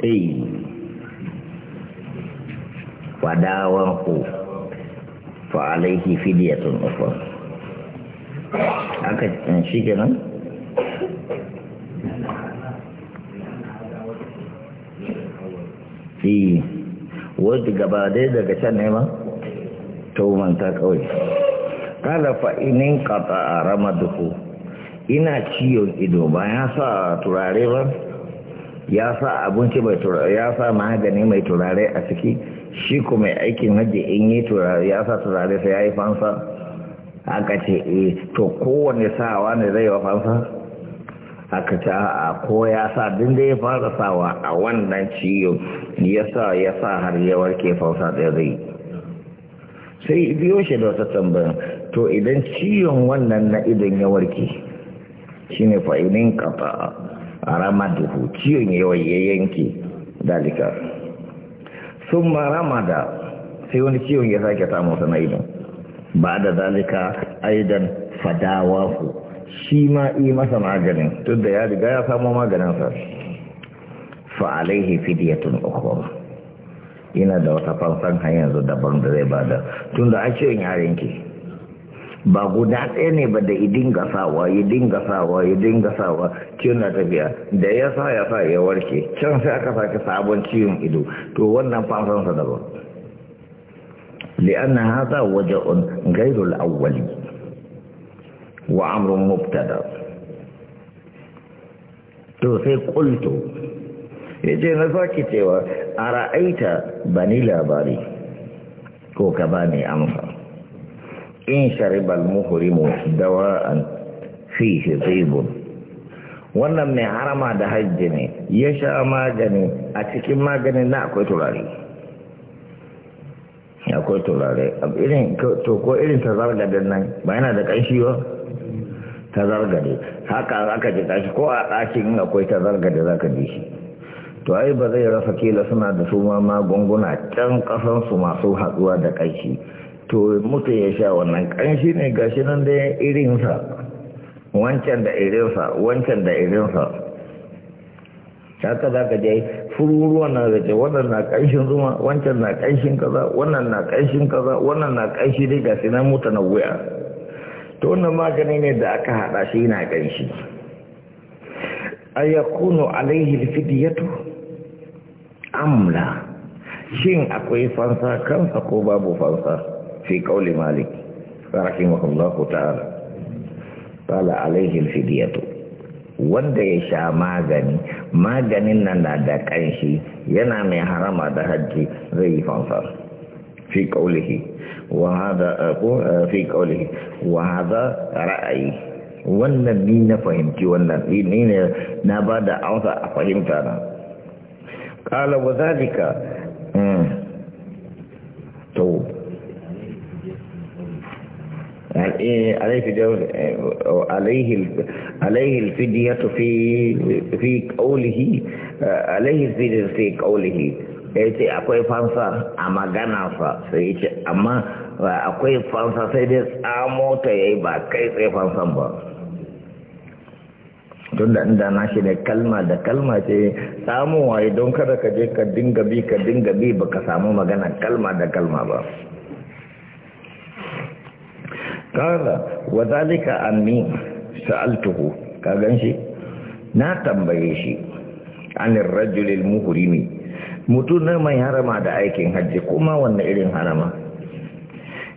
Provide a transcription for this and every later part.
eh wadawanku fa alaihi fidyatun ukhra aka eh, shi kenan eh wadda gaba dai daga can ne ma to manta kawai kala fa inin qata ramaduhu ina ciyo ido ba ya sa turare ba ya sa abinci mai turare ya sa magani mai turare a ciki shi kuma aikin hajji in yi turare ya sa turare sai ya yi fansa aka ce eh to kowane sawa ne zai wa fansa aka ce a ko ya sa din ya fara sawa a wannan ciyo ya sa ya sa har ya warke fansa da zai sai biyo shi da wata tambayar to idan ciyon wannan na idan ya warke ne fa'inin kafa ramaduhu ciwon yawai ya yanke dalika sun ma ramada sai wani ciwon ya sake samu sana idan ba da dalika aidan ku. shi ma yi masa maganin tun da ya riga ya samu maganinsa fa'alaihi fidiyatun ukhra Ina da wata fansan har yanzu daban da zai bada tun da ake yin yarinki ba guda ɗaya ne ba da idin gasawa idin gasawa idin gasawa ciwon na tafiya da ya sa ya sa ya warke can sai aka sake sabon ciwon ido to wannan fansansa daban na hadha waje on gairul awwali wa amrun mubtada to sai Ya ce na sake cewa ara'aita ni labari ko ka bani amsa in sharibal muhrimu dawa'an fihi zaibun wannan mai harama da hajji ne ya sha magani a cikin maganin na akwai turare akwai turare irin to ko irin ta tazargadin nan ba yana da ƙanshi ba Ta tazargade haka aka ji ƙashi ko a ɗakin akwai ta zarga za ka ji shi to ai ba zai rasa kila suna da su ma magunguna can ƙasansu masu haɗuwa da ƙanshi to mutum ya sha wannan ƙanshi ne ga shi nan da irinsa wancan da irinsa wancan da irinsa haka za ka je fururuwan na zace wannan na ƙanshin zuma wancan na ƙanshin kaza wannan na ƙanshin kaza wannan na ƙanshi dai ga nan mutu na wuya to wannan magani ne da aka haɗa shi na ƙanshi a yakunu alaihi fidiyatu amla shin akwai fansa kansa ko babu fansa fi قول malik رحمه ta'ala qala alayhi al الفدية wanda ya sha magani maganin nan na da ƙanshi yana mai harama da hajji zai yi fansa fi ƙaulihi wa hada eh, eh, ra'ayi wannan ni na fahimci wannan ni ne na bada da a fahimta na qala wa zalika hmm, عليه في to fi عليه الفدية في في قوله عليه الفدية في akwai fansa a maganarsa sai ce amma akwai fansa sai dai tsamo ta yayi ba kai tsaye fansan ba don da inda na shi ne kalma da kalma ce samuwa don kada ka je ka dinga bi ka dinga bi baka samu magana kalma da kalma ba kala wa zalika anni sa'altuhu ka ganshi na tambaye shi anir rajulil muhrimi mutun mai harama da aikin hajji kuma wannan irin harama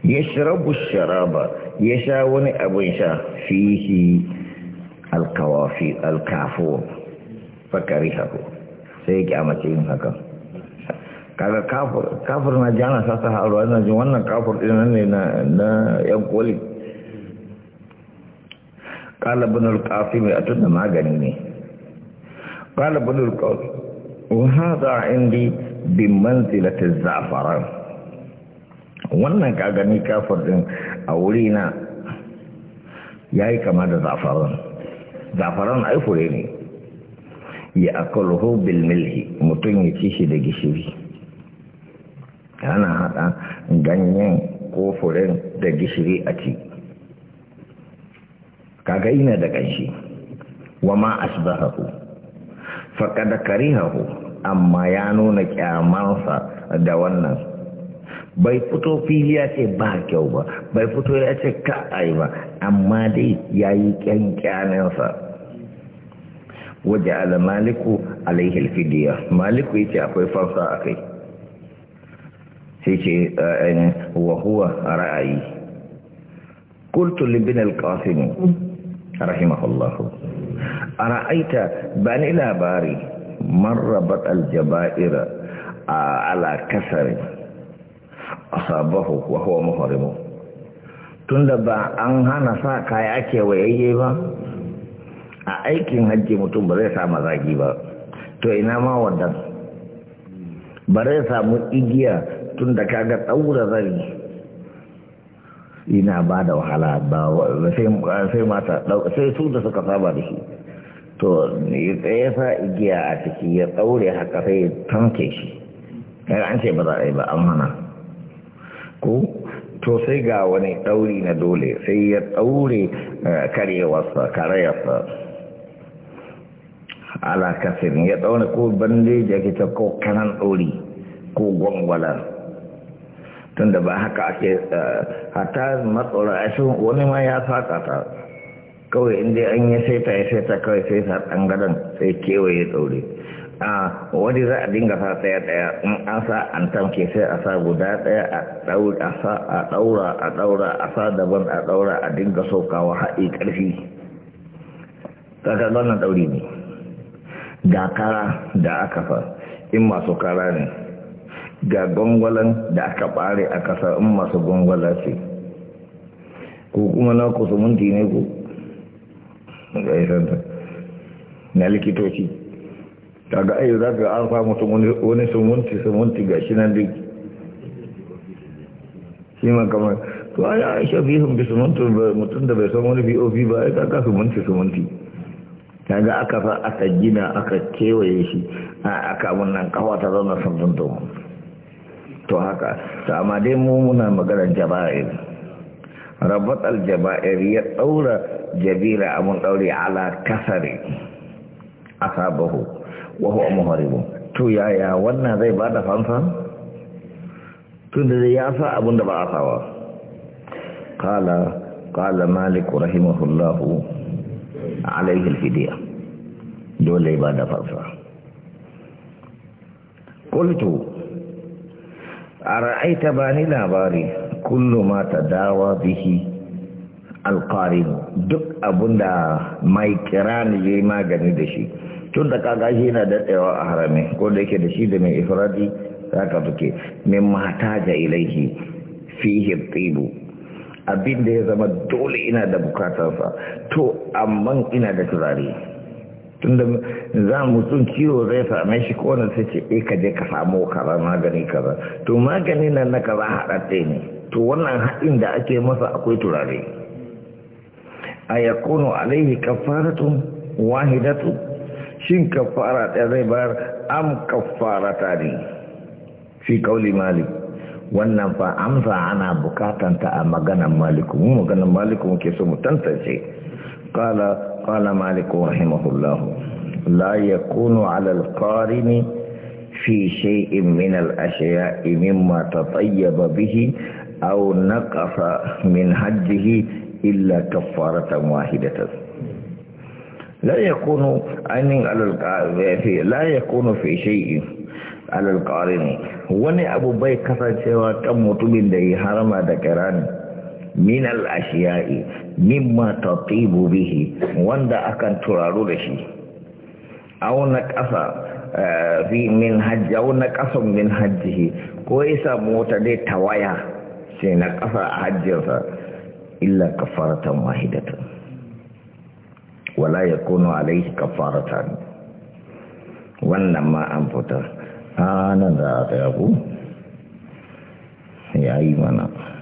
ya sharaba yasha wani abin sha fihi alkawafi alkafu fakari sai ya kyamace yin hakan kaga kafur kafur na jana sasa haruwa yana jin wannan kafur ɗin ne na yan koli قال ابن القاسم أتد ما جنيني قال ابن القاسم وهذا عندي بمنزلة zafaran wannan ka gani kafir din a wuri na yayi kama da zafaran zafaran ai ne ya akaluhu bilmilhi mutum ya ci shi da gishiri ana hada ganyen kofurin da gishiri a ci kaga ina da ƙanshi wa ma asbahahu faqad karihahu amma ya nuna kyamarsa da wannan bai fito fili ya ce ba kyau ba bai fito ya ce ka ai ba amma dai yayi kyankyaninsa waje ala maliku alaihi alfidiya maliku yace akwai fansa akai sai ce wa huwa ra'ayi qultu li bin ne. rahimahullahu ana aita ba ni labari marrabat aljaba'ira a ala kasarin asabahu wa huwa muharimu tunda ba an hana sa kaya ake wayayye ba a aikin hajji mutum ba zai sa mazagi ba to ina ma wannan ba zai samu igiya tunda ka kaga ɗaura zari ina ba da wahala ba sai mata sai su da suka saba da shi to ya sa igiya a ciki ya tsaure haka sai ya tanke shi ya an ce ba za a yi ba an hana ko to sai ga wani ɗauri na dole sai ya tsaure eh, karewarsa karewarsa alakasin ya ɗaure ko bandeji ake ta ko kanan ɗauri ko gwangwalar tunda ba haka ake eh, hata matsora a wani ma ya saka ta kawai inda an yi saita ya saita kawai sai sa ɗangaren sai kewaye tsaure a wani za a dinga sa tsaya ɗaya in an sa an tamke sai a sa guda ɗaya a ɗaura a ɗaura a sa daban a ɗaura a dinga saukawa haɗi ƙarfi kaga wannan ɗauri ne da kara da aka fa in masu kara ne ga gwangwalan da aka bare a kasa in masu gwangwala ce ko kuma na kusa sumunti ne ku na likitoci daga ayyu za ka an mutum wani sumunti sumunti ga shi nan duk shi ma kamar to a yi aisha bihun bi sumunti mutum da bai san wani pop ba ya kaka sumunti sumunti kaga aka fa aka gina aka kewaye shi a aka munan kawata ta sun tuntun to haka amma dai mu muna maganar jaba'ir rabat al-jaba'ir ya daura jabira amun daure ala kasari asabahu wa huwa muharib to yaya wannan zai bada fanfan tunda ya sa abun da ba a sawa qala qala malik rahimahullahu alaihi al-fidiya dole ba da fanfan qultu a ra'aita ba ni labari kullu ma ta dawa bihi alƙarin duk abun da mai kira ni ya magani da shi tun da kaga shi yana daɗewa a harami ko da yake da shi da mai ifradi za ka fuke min mata ja ilaihi fihi tsibu Abinda ya zama dole ina da bukatarsa to amman ina da turare tunda za mu sun ciwo zai same shi ko na sai ce e ka je ka samu kaza magani kaza to magani nan na kaza ta ne to wannan haɗin da ake masa akwai turare a yakunu alaihi kafaratun wahidatu shin kafara ɗaya zai bayar am ta ne fi kauli malik wannan fa amsa ana bukatanta a maganan maliku mu maganan maliku muke so mu tantance قال قال مالك رحمه الله لا يكون على القارن في شيء من الأشياء مما تطيب به أو نقص من حجه إلا كفارة واحدة لا يكون أن على في لا يكون في شيء على القارن وني أبو بكر سوى كم مطلب ده حرم هذا كراني min al min mimma tatibu bihi wanda akan turaru da shi aw na kasa eh, fi min hajji aw na min hajjihi ko ya mota wata dai tawaya sai na ƙasa a hajjinsa illa kafaratan wahidatan wala ya yakunu alayhi kafaratan wannan ma an fita a nan za a ta yabu ya yi mana